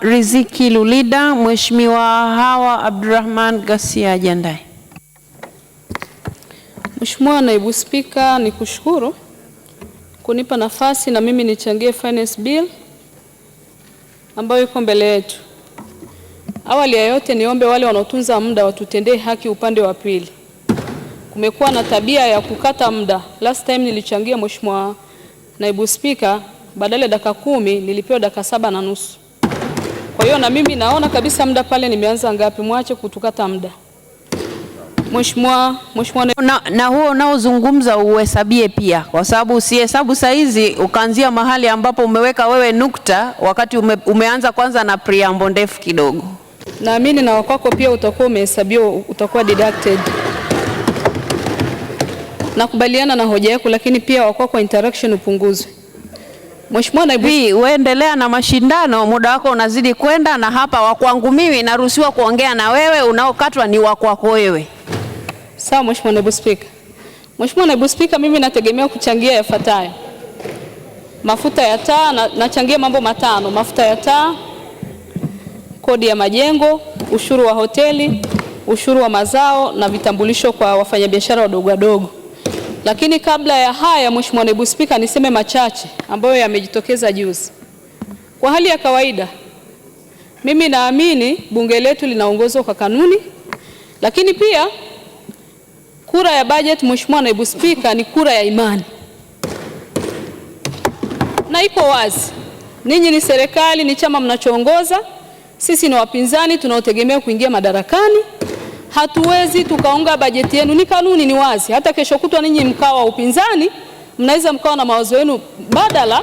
Riziki Lulida, Mheshimiwa Hawa Abdurrahman Gasia Jandai. Mheshimiwa Naibu Spika, nikushukuru kunipa nafasi na mimi nichangie finance bill ambayo iko mbele yetu. Awali ya yote, niombe wale wanaotunza muda watutendee haki upande wa pili. Kumekuwa na tabia ya kukata muda. Last time nilichangia Mheshimiwa Naibu Spika, badala ya dakika kumi nilipewa dakika saba na nusu. Kwa hiyo na mimi naona kabisa muda pale nimeanza ngapi, mwache kutukata muda Mheshimiwa, Mheshimiwa na, na huo unaozungumza uhesabie pia, kwa sababu usihesabu saizi ukaanzia mahali ambapo umeweka wewe nukta, wakati ume, umeanza kwanza na priambo ndefu kidogo. Naamini na wakwako pia utakuwa umehesabiwa, utakuwa deducted. Nakubaliana na hoja yako, lakini pia wakwako interaction upunguzwe. Mheshimiwa Naibu Spika, uendelea na mashindano, muda wako unazidi kwenda, na hapa kwangu mimi naruhusiwa kuongea na wewe, unaokatwa ni wakwako wewe. Sawa Mheshimiwa Naibu Spika. Mheshimiwa Naibu Spika, mimi nategemea kuchangia yafuatayo: mafuta ya taa na, nachangia mambo matano: mafuta ya taa, kodi ya majengo, ushuru wa hoteli, ushuru wa mazao na vitambulisho kwa wafanyabiashara wadogo wadogo. Lakini kabla ya haya, Mheshimiwa Naibu Spika, niseme machache ambayo yamejitokeza juzi. Kwa hali ya kawaida, mimi naamini bunge letu linaongozwa kwa kanuni, lakini pia kura ya bajeti, Mheshimiwa Naibu Spika, ni kura ya imani na ipo wazi. Ninyi ni serikali, ni chama mnachoongoza, sisi ni wapinzani tunaotegemea kuingia madarakani hatuwezi tukaunga bajeti yenu. Ni kanuni, ni wazi. Hata kesho kutwa ninyi mkawa upinzani, mnaweza mkawa na mawazo yenu badala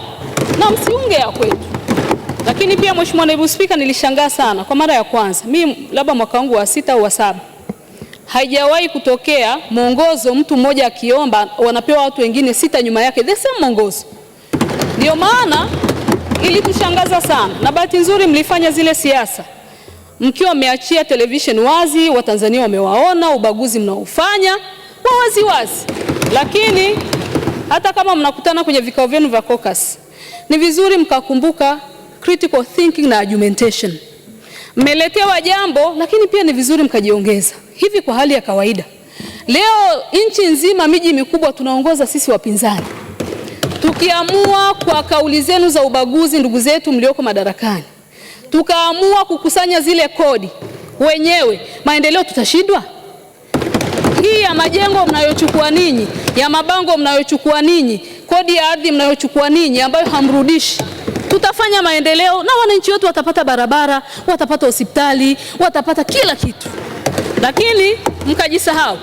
na msiunge ya kwetu. Lakini pia Mheshimiwa Naibu Spika, nilishangaa sana kwa mara ya kwanza, mi labda mwaka wangu wa sita au wa saba, haijawahi kutokea mwongozo mtu mmoja akiomba wanapewa watu wengine sita nyuma yake the same mwongozo. Ndio maana ilitushangaza sana, na bahati nzuri mlifanya zile siasa mkiwa mmeachia television wazi, Watanzania wamewaona ubaguzi mnaofanya kwa wazi wazi. Lakini hata kama mnakutana kwenye vikao vyenu vya caucus, ni vizuri mkakumbuka critical thinking na argumentation. Mmeletewa jambo, lakini pia ni vizuri mkajiongeza. Hivi kwa hali ya kawaida, leo nchi nzima, miji mikubwa, tunaongoza sisi wapinzani, tukiamua kwa kauli zenu za ubaguzi ndugu zetu mlioko madarakani tukaamua kukusanya zile kodi wenyewe, maendeleo tutashindwa? Hii ya majengo mnayochukua ninyi, ya mabango mnayochukua ninyi, kodi ya ardhi mnayochukua ninyi ambayo hamrudishi tutafanya maendeleo na wananchi wetu watapata barabara, watapata hospitali, watapata kila kitu. Lakini mkajisahau,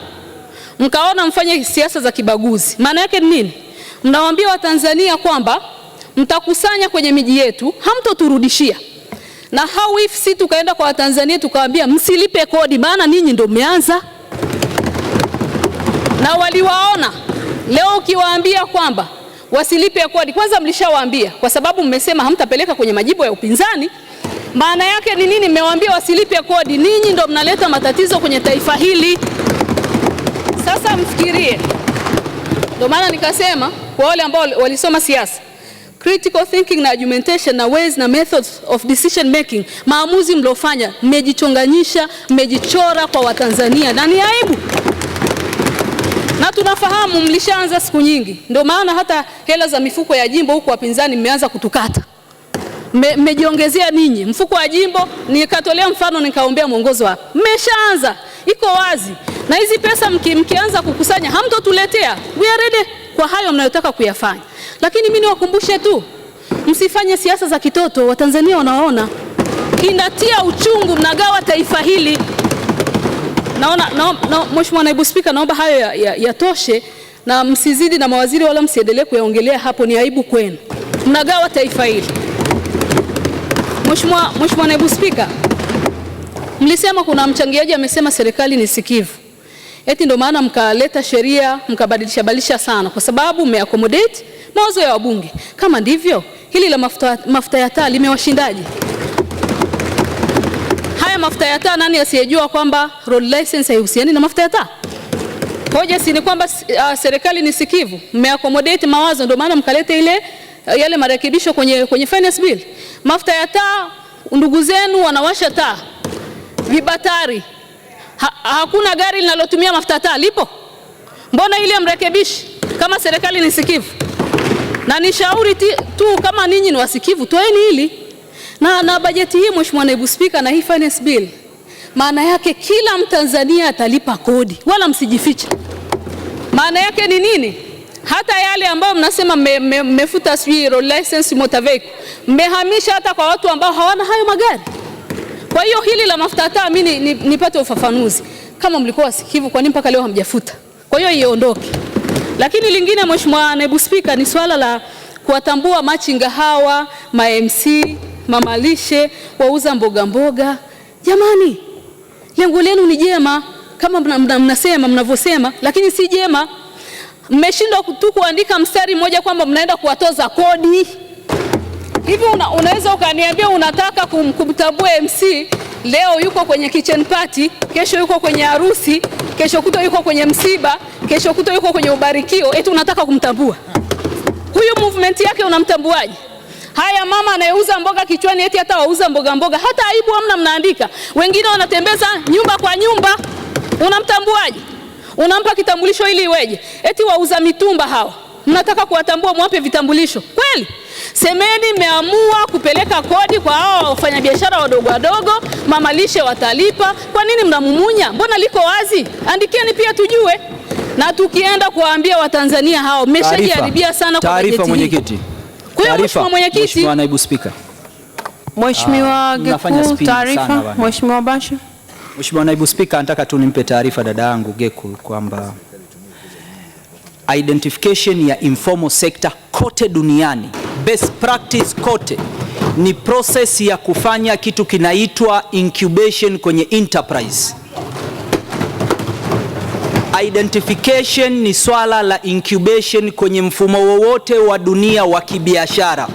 mkaona mfanye siasa za kibaguzi. Maana yake ni nini? Mnawaambia Watanzania kwamba mtakusanya kwenye miji yetu, hamtoturudishia na how if si tukaenda kwa Watanzania tukawaambia msilipe kodi, maana ninyi ndio mmeanza, na waliwaona. Leo ukiwaambia kwamba wasilipe kodi, kwanza mlishawaambia, kwa sababu mmesema hamtapeleka kwenye majibu ya upinzani. Maana yake ni nini? Mmewaambia wasilipe kodi, ninyi ndio mnaleta matatizo kwenye taifa hili. Sasa mfikirie. Ndio maana nikasema kwa wale ambao walisoma siasa critical thinking na argumentation na ways na methods of decision making, maamuzi mliofanya mmejichonganyisha, mmejichora kwa Watanzania na ni aibu, na tunafahamu mlishaanza siku nyingi, ndio maana hata hela za mifuko ya jimbo huku wapinzani mmeanza kutukata, mmejiongezea ninyi. Mfuko wa jimbo nikatolea mfano, nikaombea mwongozo wa mmeshaanza, iko wazi, na hizi pesa mki, mkianza kukusanya hamtotuletea we are ready kwa hayo mnayotaka kuyafanya. Lakini mimi niwakumbushe tu, msifanye siasa za kitoto. Watanzania wanaona inatia uchungu, mnagawa taifa hili. Naona na, na, Mheshimiwa Naibu Spika, naomba hayo yatoshe ya, ya na msizidi na mawaziri wala msiendelee kuyaongelea hapo, ni aibu kwenu, mnagawa taifa hili. Mheshimiwa Naibu Spika, mlisema kuna mchangiaji amesema serikali ni sikivu eti ndio maana mkaleta sheria mkabadilisha badilisha sana, kwa sababu mmeaccommodate mawazo ya wabunge. Kama ndivyo, hili la mafuta, mafuta ya taa limewashindaje? Haya mafuta ya taa, nani asiyejua kwamba road license haihusiani na mafuta ya taa? Hoja si ni kwamba uh, serikali ni sikivu, mmeaccommodate mawazo, ndio maana mkaleta ile uh, yale marekebisho kwenye, kwenye finance bill. Mafuta ya taa, ndugu zenu wanawasha taa vibatari ha, hakuna gari linalotumia mafuta taa lipo? Mbona ile mrekebishi? Kama serikali ni sikivu, na nishauri tu kama ninyi ni wasikivu, toeni hili na, na bajeti hii Mheshimiwa Naibu Spika, na hii finance bill, maana yake kila Mtanzania atalipa kodi, wala msijifiche. Maana yake ni nini? Hata yale ambayo mnasema mmefuta me, me, sijui road license motor vehicle, mmehamisha hata kwa watu ambao hawana hayo magari. Kwa hiyo hili la mafuta taa mimi nipate ni, ni ufafanuzi kama mlikuwa wasikivu, kwa nini mpaka leo hamjafuta? Kwa hiyo iondoke. Lakini lingine, Mheshimiwa Naibu Spika, ni swala la kuwatambua machinga hawa, ma MC, mamalishe, wauza mboga mboga. Jamani, lengo lenu ni jema kama mnasema mnavyosema, lakini si jema. Mmeshindwa tu kuandika mstari mmoja kwamba mnaenda kuwatoza kodi hivi una, unaweza ukaniambia unataka kum, kumtambua MC leo yuko kwenye kitchen party, kesho yuko kwenye harusi, kesho kuto yuko kwenye msiba, kesho kuto yuko kwenye ubarikio, eti unataka kumtambua huyu? Movement yake unamtambuaje? Haya, mama anayeuza mboga kichwani, eti hata wauza mboga mboga, hata aibu hamna, mnaandika. Wengine wanatembeza nyumba kwa nyumba, unamtambuaje? Unampa kitambulisho ili iweje? Eti wauza mitumba hawa mnataka kuwatambua, mwape vitambulisho kweli? Semeni mmeamua kupeleka kodi kwa hao wafanyabiashara wadogo wadogo, mamalishe watalipa. Kwa nini mnamumunya? Mbona liko wazi? Andikeni pia tujue, na tukienda kuwaambia Watanzania hao mmeshajiharibia sana kwa taarifa. mwenyekiti. Kwa mheshimiwa mwenyekiti, mheshimiwa naibu spika, mheshimiwa ah, Geku, taarifa. Mheshimiwa Bashe. Mheshimiwa naibu spika, nataka tu nimpe taarifa dada yangu Geku kwamba identification ya informal sector kote duniani best practice kote ni process ya kufanya kitu kinaitwa incubation kwenye enterprise. Identification ni swala la incubation kwenye mfumo wowote wa dunia wa kibiashara.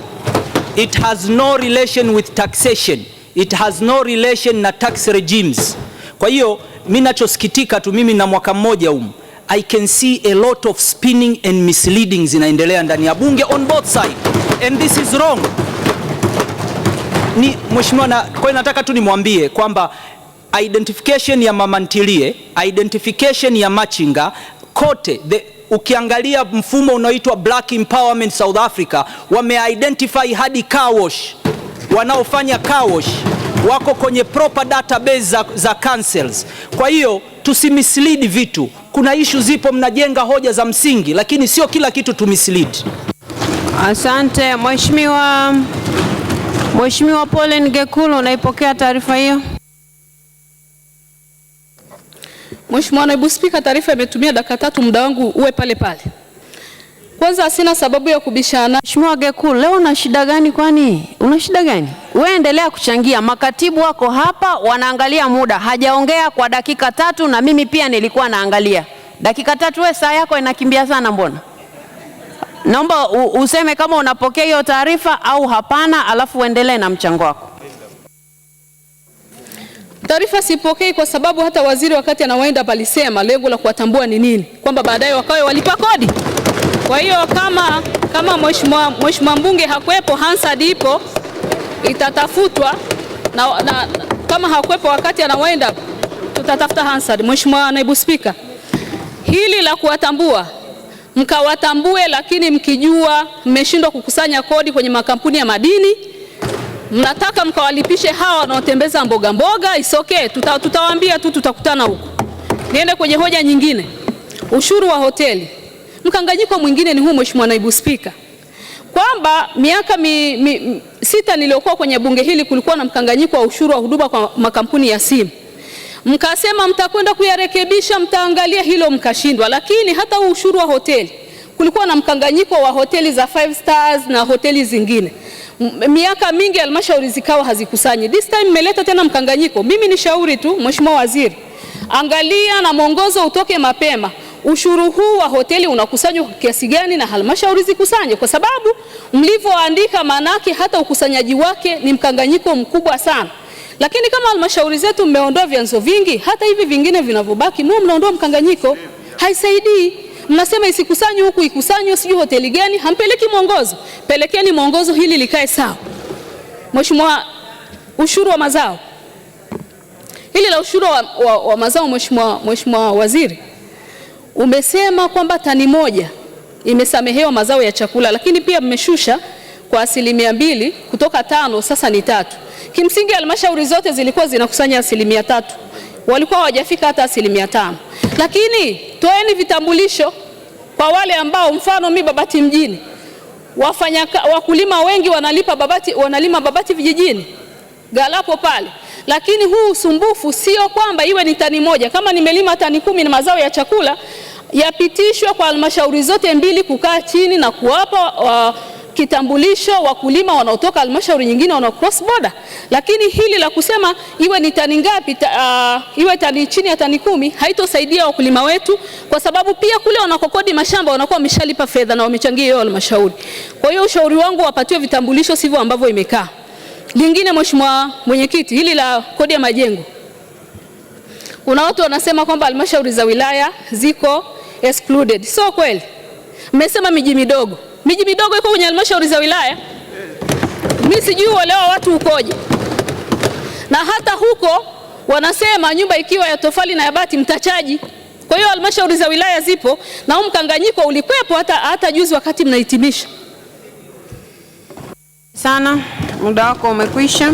It has no relation with taxation. It has no relation na tax regimes. Kwa hiyo mimi nachosikitika tu, mimi na mwaka mmoja um I can see a lot of spinning and misleading zinaendelea ndani ya bunge on both side and this is wrong. Ni mheshimiwa na kwa nataka tu nimwambie kwamba identification ya mama ntilie, identification ya machinga kote the, ukiangalia mfumo unaoitwa Black Empowerment South Africa wameidentify hadi car wash, wanaofanya car wash wako kwenye proper database za, za councils. Kwa hiyo tusimislead vitu kuna ishu zipo, mnajenga hoja za msingi, lakini sio kila kitu tumislidi. Asante mheshimiwa. Mheshimiwa pole ngekulu unaipokea taarifa hiyo? Mheshimiwa Naibu Spika, taarifa imetumia dakika tatu, muda wangu uwe pale pale. Kwanza sina sababu ya kubishana. Mheshimiwa Geku, leo una shida gani? Kwani una shida gani? Wewe endelea kuchangia. Makatibu wako hapa wanaangalia muda, hajaongea kwa dakika tatu, na mimi pia nilikuwa naangalia dakika tatu. Wewe saa yako inakimbia sana, mbona? Naomba useme kama unapokea hiyo taarifa au hapana, alafu uendelee na mchango wako. Taarifa sipokei kwa sababu hata waziri wakati anawaenda palisema lengo la kuwatambua ni nini, kwamba baadaye wakawe walipa kodi. Kwa hiyo kama, kama mheshimiwa mbunge hakuwepo, Hansard ipo itatafutwa na, na, kama hakuwepo wakati anawenda tutatafuta Hansard. Mheshimiwa naibu spika, hili la kuwatambua mkawatambue, lakini mkijua mmeshindwa kukusanya kodi kwenye makampuni ya madini, mnataka mkawalipishe hawa wanaotembeza mboga mboga, isokee, tutawaambia tu, tutakutana huko. Niende kwenye hoja nyingine, ushuru wa hoteli. Mkanganyiko mwingine ni huu, Mheshimiwa Naibu Spika, kwamba miaka mi, mi, sita niliyokuwa kwenye bunge hili kulikuwa na mkanganyiko wa ushuru wa huduma kwa makampuni ya simu, mkasema mtakwenda kuyarekebisha, mtaangalia hilo, mkashindwa. Lakini hata huu ushuru wa hoteli kulikuwa na mkanganyiko wa hoteli za five stars na hoteli zingine. Miaka mingi halmashauri zikawa hazikusanyi. This time mmeleta tena mkanganyiko. Mimi ni shauri tu, Mheshimiwa Waziri, angalia na mwongozo utoke mapema ushuru huu wa hoteli unakusanywa kwa kiasi gani na halmashauri zikusanye, kwa sababu mlivyoandika, maanake hata ukusanyaji wake ni mkanganyiko mkubwa sana. Lakini kama halmashauri zetu mmeondoa vyanzo vingi, hata hivi vingine vinavyobaki mwe mnaondoa mkanganyiko, haisaidii. Mnasema isikusanywe huku ikusanywe, sijui hoteli gani, hampeleki mwongozo. Pelekeni mwongozo, hili likae sawa. Mheshimiwa, ushuru wa mazao, hili la ushuru wa, wa, wa mazao, Mheshimiwa Waziri Umesema kwamba tani moja imesamehewa mazao ya chakula, lakini pia mmeshusha kwa asilimia mbili kutoka tano, sasa ni tatu. Kimsingi halmashauri zote zilikuwa zinakusanya asilimia tatu, walikuwa hawajafika hata asilimia tano. Lakini toeni vitambulisho kwa wale ambao, mfano mi Babati mjini, wafanya wakulima wengi wanalipa Babati, wanalima Babati vijijini Galapo pale lakini huu usumbufu sio kwamba iwe ni tani moja. Kama nimelima tani kumi na mazao ya chakula, yapitishwe kwa halmashauri zote mbili kukaa chini na kuwapa uh, kitambulisho wakulima wanaotoka halmashauri nyingine wana cross border, lakini hili la kusema iwe ni tani ngapi ta, uh, iwe tani chini ya tani kumi haitosaidia wakulima wetu, kwa sababu pia kule wanakokodi mashamba wanakuwa wameshalipa fedha na wamechangia hiyo halmashauri. Kwa hiyo ushauri wangu wapatiwe vitambulisho, sivyo ambavyo imekaa. Lingine Mheshimiwa Mwenyekiti, hili la kodi ya majengo, kuna watu wanasema kwamba halmashauri za wilaya ziko excluded. Sio kweli. Mmesema miji midogo, miji midogo iko kwenye halmashauri za wilaya. Mimi sijui uelewa watu ukoje, na hata huko wanasema nyumba ikiwa ya tofali na ya bati mtachaji. Kwa hiyo halmashauri za wilaya zipo na huu mkanganyiko ulikwepo hata, hata juzi wakati mnahitimisha sana. Muda wako umekwisha.